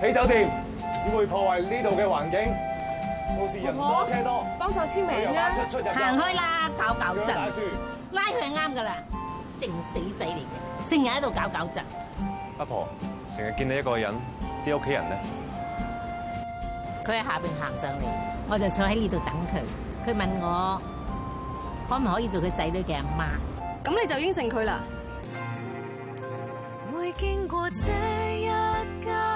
起酒店只會破壞呢度嘅環境，到時人多車多，旅遊巴士出出入入行開啦，搞搞震，拉佢係啱噶啦，靜死仔嚟嘅，成日喺度搞搞震。阿婆，婆，成日見你一個人，啲屋企人呢？佢喺下邊行上嚟，我就坐喺呢度等佢。佢問我可唔可以做佢仔女嘅阿媽，咁你就應承佢啦。會經過這一家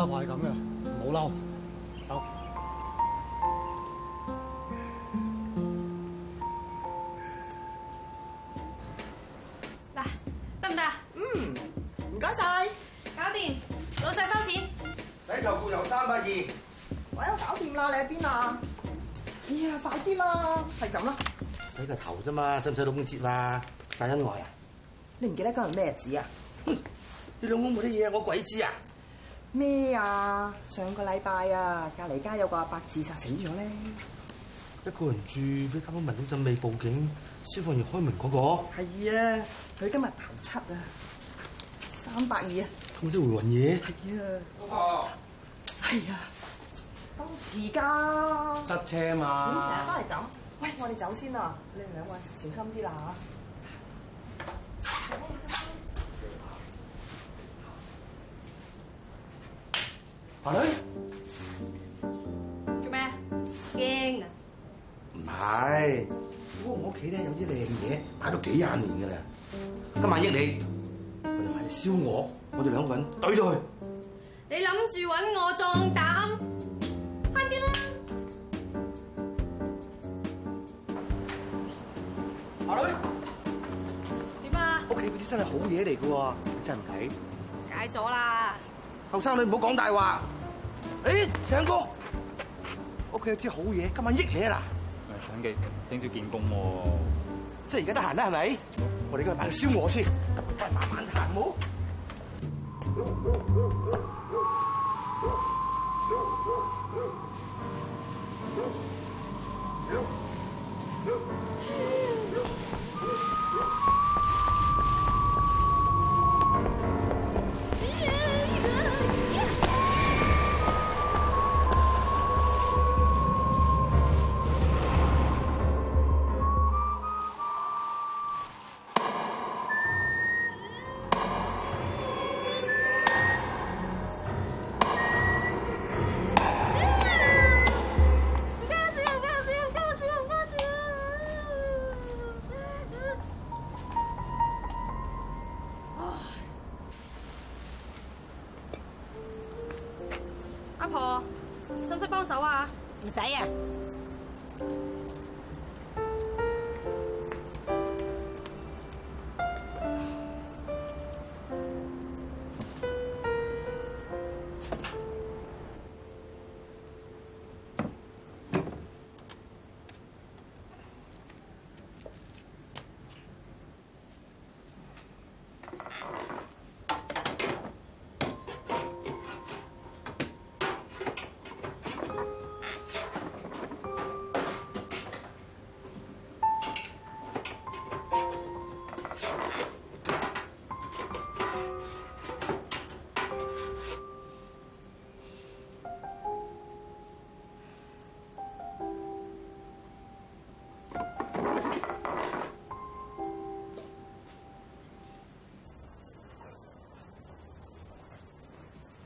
阿婆係咁嘅，唔好嬲，走。嗱，得唔得？嗯，唔該晒，搞掂，老細收錢。洗頭焗油三百二。喂，我搞掂啦，你喺邊啊？哎呀，快啲啦，係咁啦。洗個頭咋嘛？使唔使老公接啊？晒恩愛啊？你唔記得今日咩日子啊？哼，你老公冇啲嘢，我鬼知啊！咩啊？上個禮拜啊，隔離街有個阿伯自殺死咗咧。一個人住，俾街坊聞到陣味，報警，消防員開門嗰個。係啊，佢今日頭七啊，三百二啊。咁啲回魂嘢。係啊，老婆。係啊，當時㗎。塞車啊嘛。成日都係咁。喂，我哋走先啊，你哋兩位小心啲啦嚇。阿女，做咩？驚啊？唔係，不過我屋企咧有啲靚嘢，擺咗幾廿年噶啦。今晚益你，我哋買隻燒鵝，我哋兩個人懟咗去。你諗住搵我壯膽，快啲啦！阿女，點啊？屋企嗰啲真係好嘢嚟噶，真係唔睇。解咗啦。後生女唔好講大話，誒，鬒哥，屋企有支好嘢，今晚益你啦。鬒記，聽朝見工喎，即係而家得閒啦，係咪？我哋而家買個燒鵝先，但係慢慢行喎。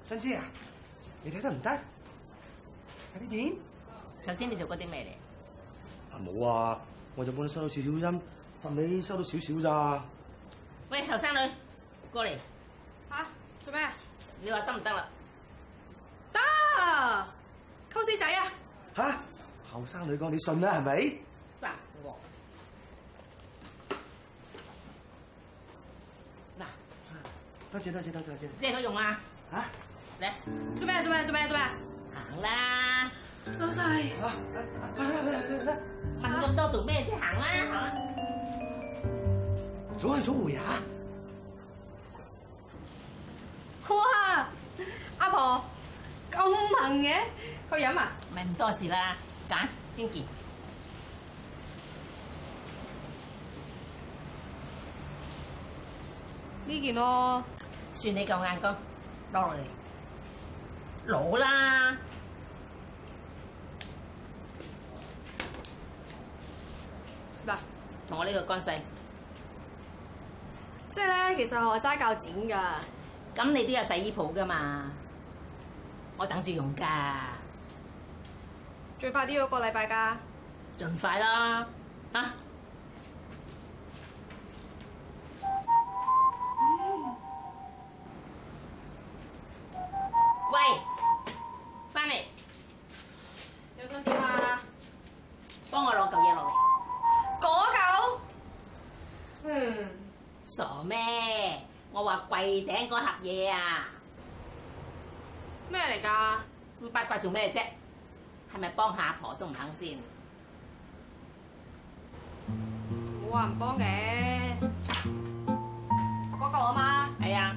珍姐啊，你睇得唔得？睇得點？頭先你做過啲咩嚟？啊冇啊，我就幫你收到少少音，髮尾收到少少咋。喂，後生女，過嚟，吓、啊、做咩？你話得唔得啦？得，溝師仔啊！吓，後生女講，你信啦係咪？殺我！嗱、啊，多謝多謝多謝多謝。借佢用啊！吓、啊？嚟，做咩？做咩？做咩？做咩？行啦，老細，吓、啊，嚟、啊、咁、啊啊啊啊、多做咩啫？行啦，行。早上做乜嘢啊？哇，阿婆，咁猛嘅，去飲啊？咪唔多事啦，揀邊件？呢件咯、啊，算你夠眼光，攞嚟。攞啦嗱，同我呢個乾洗，即係咧，其實我齋教剪噶，咁你啲有洗衣鋪噶嘛，我等住用噶，最快啲要個禮拜噶，盡快啦，啊！做咩啫？係咪幫下阿婆都唔肯先？冇話唔幫嘅，我講啦嘛。哎呀！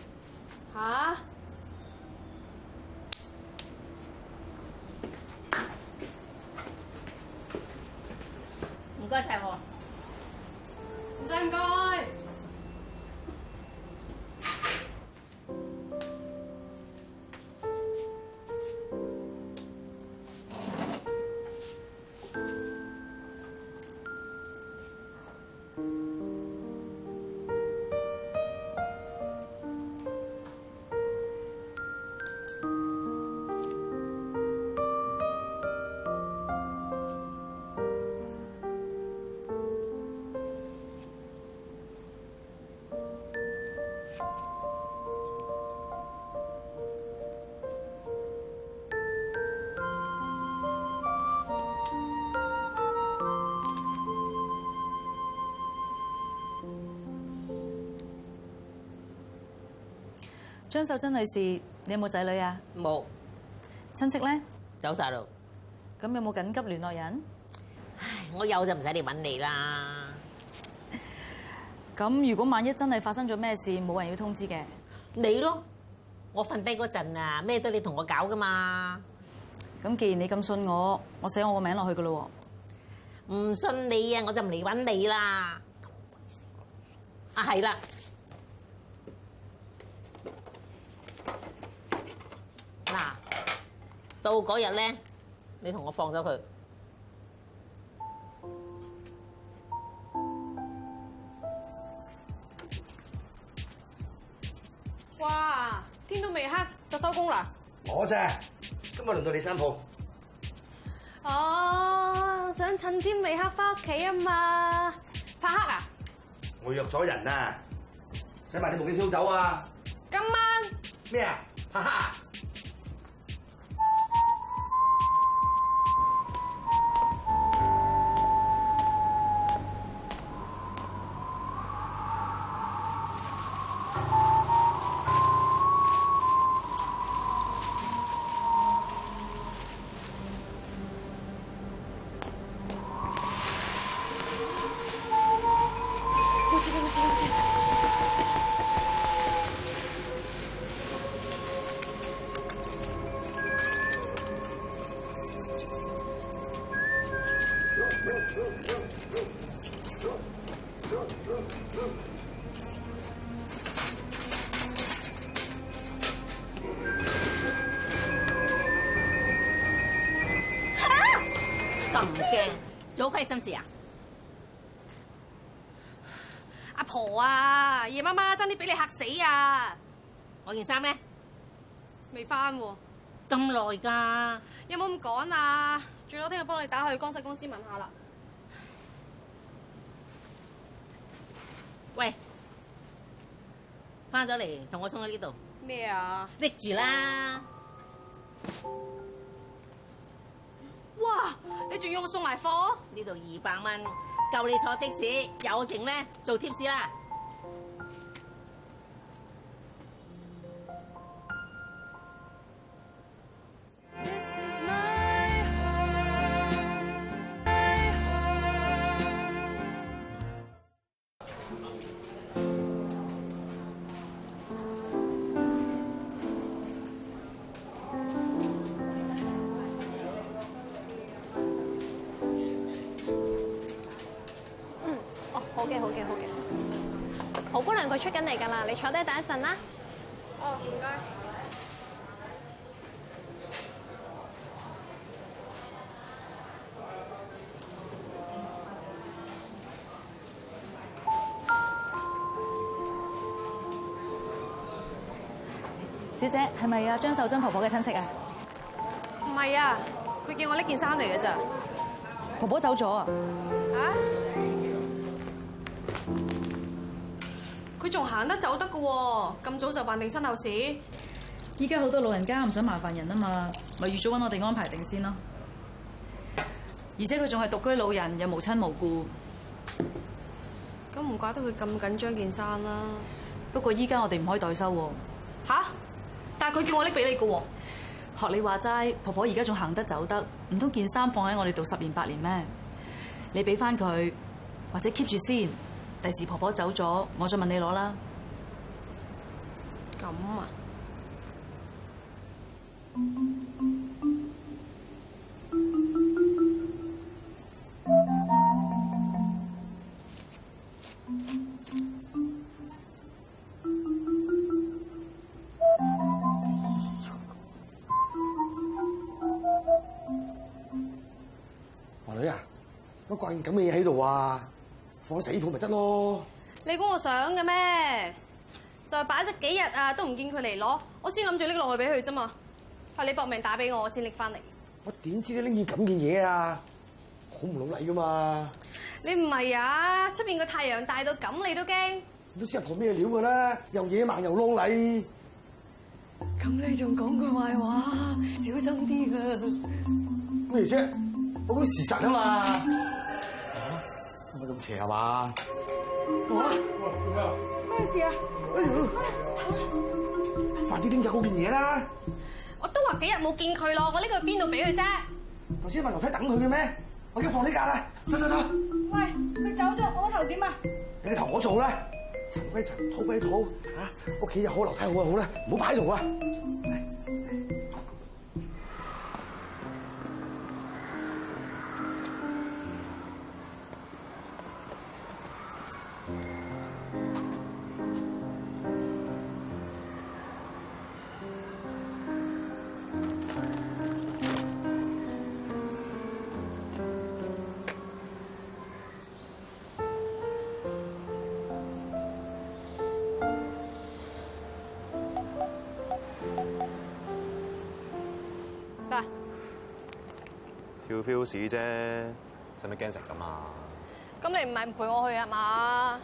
張秀珍女士，你有冇仔女啊？冇，親戚呢？走晒咯。咁有冇緊急聯絡人？唉，我有就唔使嚟揾你啦。咁如果萬一真係發生咗咩事，冇人要通知嘅，你咯。我瞓低嗰陣啊，咩都你同我搞噶嘛。咁既然你咁信我，我寫我個名落去噶咯。唔信你啊，我就唔嚟揾你啦。啊，係啦。嗱，到嗰日咧，你同我放咗佢。哇，天都未黑就收工啦！我啫，今日輪到你收舖。哦，想趁天未黑翻屋企啊嘛，怕黑啊？我約咗人啊，使埋啲望遠鏡燒酒啊！今晚咩啊？哈哈！是不是啊！咁、啊、驚，做虧心事啊！俾你嚇死呀！我件衫咧未翻喎，咁耐噶，有冇咁趕啊？最多聽日幫你打去乾洗公司問下啦。喂，翻咗嚟同我送喺呢度咩啊？拎住啦！哇，你仲要我送埋貨？呢度二百蚊夠你坐的士，有剩咧做貼士啦。出緊嚟㗎啦！你坐低等一陣啦。哦，唔該。小姐，係咪阿張秀珍婆婆嘅親戚不是的婆婆啊？唔係啊，佢叫我拎件衫嚟㗎咋。婆婆走咗啊？啊？行得走得㗎喎，咁早就辦定身後事。依家好多老人家唔想麻煩人啊嘛，咪預早揾我哋安排定先咯。而且佢仲係獨居老人，又無親無故，咁唔怪得佢咁緊張件衫啦、啊。不過依家我哋唔可以代收喎、啊。嚇、啊！但係佢叫我拎俾你㗎喎、啊。學你話齋，婆婆而家仲行得走得，唔通件衫放喺我哋度十年八年咩？你俾翻佢，或者 keep 住先，第時婆婆走咗，我再問你攞啦。咁啊，啊！我女啊，我慣你咁嘅嘢喺度啊，放死喺度咪得囉？你估我想嘅咩？就係擺咗幾日啊，都唔見佢嚟攞，我先諗住拎落去俾佢啫嘛。費你搏命打俾我，我先拎翻嚟。我點知你拎住咁嘅嘢啊？好唔老利噶嘛？你唔係啊？出邊個太陽大到咁，你都驚？你都知阿婆咩料㗎啦？又野蠻又浪禮。咁你仲講句壞話，小心啲㗎。咩啫？我講事實啊嘛。嚇！唔好咁邪係嘛？喂。做咩啊？咩事啊？哎、呦，快啲拎走嗰件嘢啦！我都話幾日冇見佢咯，我呢個邊度俾佢啫？頭先唔係樓梯等佢嘅咩？我而家放呢假啦，走走走！喂，佢走咗，我個頭點啊？你個同我做啦，塵歸塵，土歸土，吓，屋企又好，樓梯又好啊，好啦，唔好擺喺度啊！要 feel 啫，使唔使驚成咁啊？咁你唔係唔陪我去啊嘛？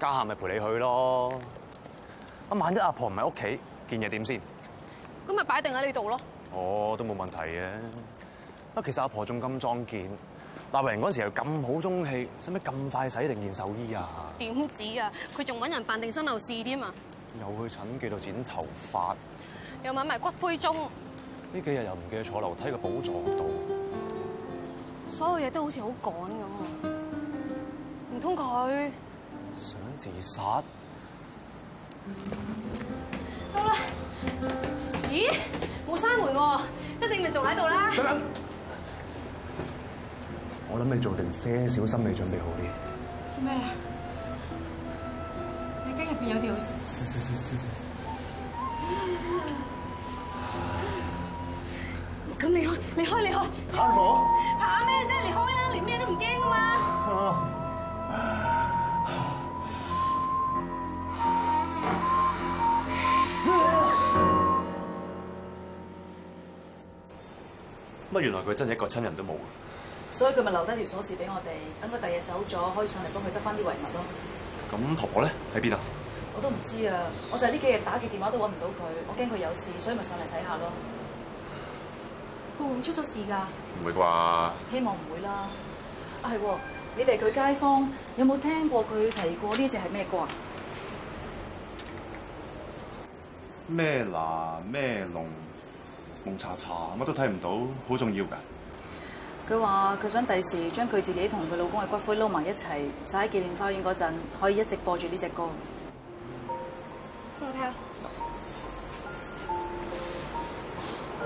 家下咪陪你去咯。啊，萬一阿婆唔喺屋企見嘢點先？咁咪擺定喺呢度咯。哦，都冇問題嘅。啊，其實阿婆仲咁壯健，立遺人嗰陣時候咁好中氣，使唔使咁快洗定件壽衣啊？點止啊？佢仲揾人辦定身後事添啊！又去鬒記度剪頭髮，又買埋骨灰盅。呢幾日又唔記得坐樓梯嘅寶座度。所有嘢都好似好趕咁，唔通佢想自殺？到啦？咦，冇閂門喎，啊，啲證物仲喺度啦。我諗你做定些小心理準備好啲。做咩？你間入面有啲好事？咁你開，你開，你開！阿婆，怕咩啫？你開啊，連咩都唔驚噶嘛！乜原來佢真係一個親人都冇？所以佢咪留低條鎖匙俾我哋，等佢第日走咗，可以上嚟幫佢執翻啲遺物咯。咁婆婆咧喺邊啊？我都唔知啊，我就係呢幾日打嘅電話都揾唔到佢，我驚佢有事，所以咪上嚟睇下咯。佢會唔會出咗事噶，唔會啩？希望唔會、啊啊、有有啦。啊係，你哋係佢街坊，有冇聽過佢提過呢隻係咩歌啊？咩拿咩龍蒙查查，乜都睇唔到，好重要噶。佢話佢想第時將佢自己同佢老公嘅骨灰撈埋一齊，撒喺紀念花園嗰陣，可以一直播住呢隻歌。打開。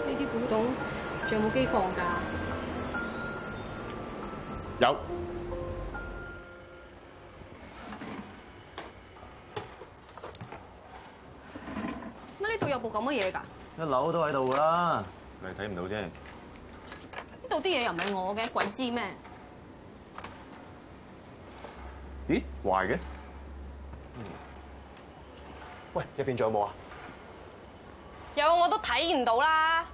呢啲古董。仲有冇機房噶？有。乜呢度有部咁嘅嘢噶？一樓都喺度噶啦，你睇唔到啫。呢度啲嘢又唔係我嘅，鬼知咩？咦，壞嘅、嗯？喂，一邊仲有冇啊？有，我都睇唔到啦。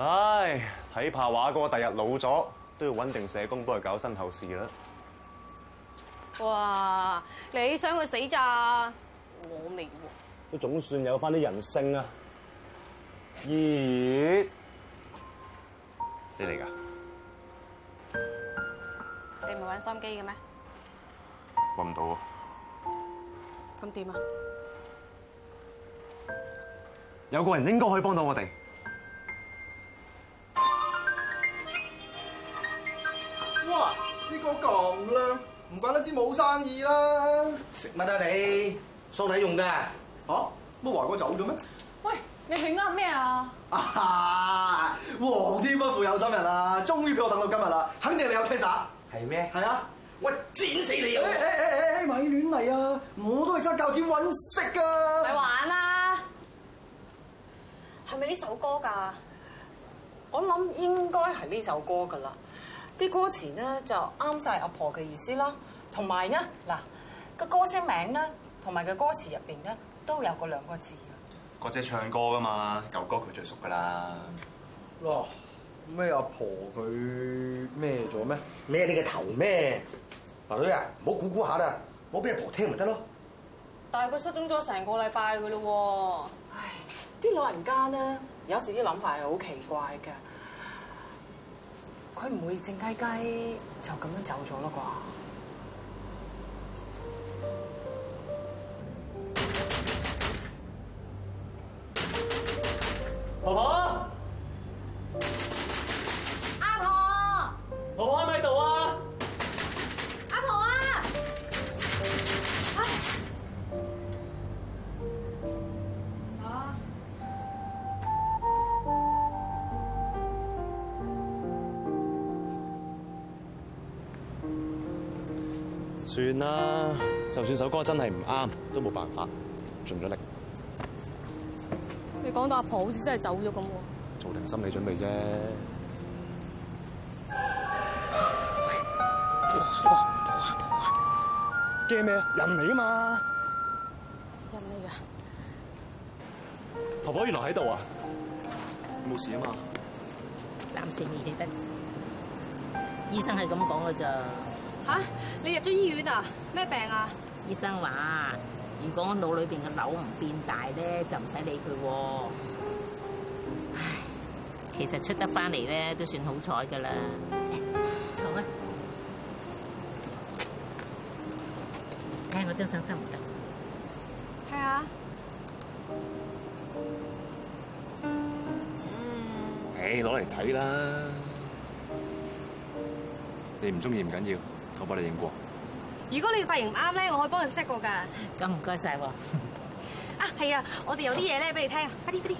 唉，睇怕華哥第日老咗，都要揾定社工幫佢搞身後事啦。哇！你想佢死咋？我未。都總算有翻啲人性啊！咦，咩嚟㗎？你唔係揾心機嘅咩？揾唔到啊！咁點啊？有個人應該可以幫到我哋。呢、這個舊啦，唔怪不得知冇生意啦。食物啊，你送你用嘅、啊，吓乜華哥走咗咩？喂，你嚟呃咩啊？啊，皇天、啊、不負有心人啊，終於俾我等到今日啦，肯定你有 case 啊？係咩？係啊，喂，剪死你啊！咪亂嚟啊！我都係揸較剪揾食噶、啊。咪玩啦，係咪呢首歌噶？我諗應該係呢首歌噶啦。啲歌詞咧就啱晒阿婆嘅意思啦，同埋咧嗱個歌聲名咧，同埋個歌詞入邊咧都有個兩個字。個仔唱歌噶嘛，舊歌佢最熟噶啦。哇！咩阿婆佢咩咗咩？咩你嘅頭咩？阿女啊，唔好估估下啦，唔好俾阿婆聽咪得咯。但係佢失蹤咗成個禮拜噶咯喎。唉，啲老人家咧，有時啲諗法係好奇怪㗎。佢唔會靜雞雞就咁樣走咗啦啩。算啦，就算首歌真係唔啱，都冇辦法，盡咗力了。你講到阿婆好似真係走咗咁喎，做定心理準備啫。驚咩啊？人嚟啊嘛，人嚟啊！婆婆原來喺度啊，冇事啊嘛。暫時未先得。二四二醫生係咁講噶咋？吓，你入咗醫院啊？咩病啊？醫生話：如果我腦裏邊嘅瘤唔變大咧，就唔使理佢。啊、唉，其實出得翻嚟咧，都算了、欸、好彩噶啦。坐啊，睇下我張相得唔得？睇下。嗯。唉，攞嚟睇啦。你唔中意唔緊要，我幫你影過。如果你髮型啱咧，我可以幫你 set 過㗎。咁唔該晒喎。謝謝 啊，係啊，我哋有啲嘢咧畀你聽啊，快啲，快啲。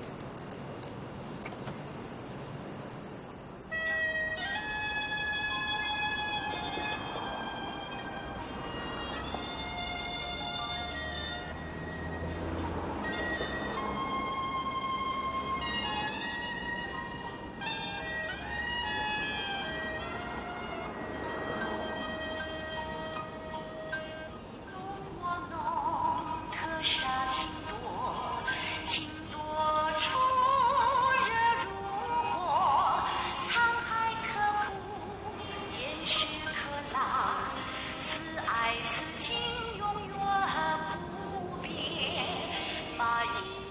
阿姨。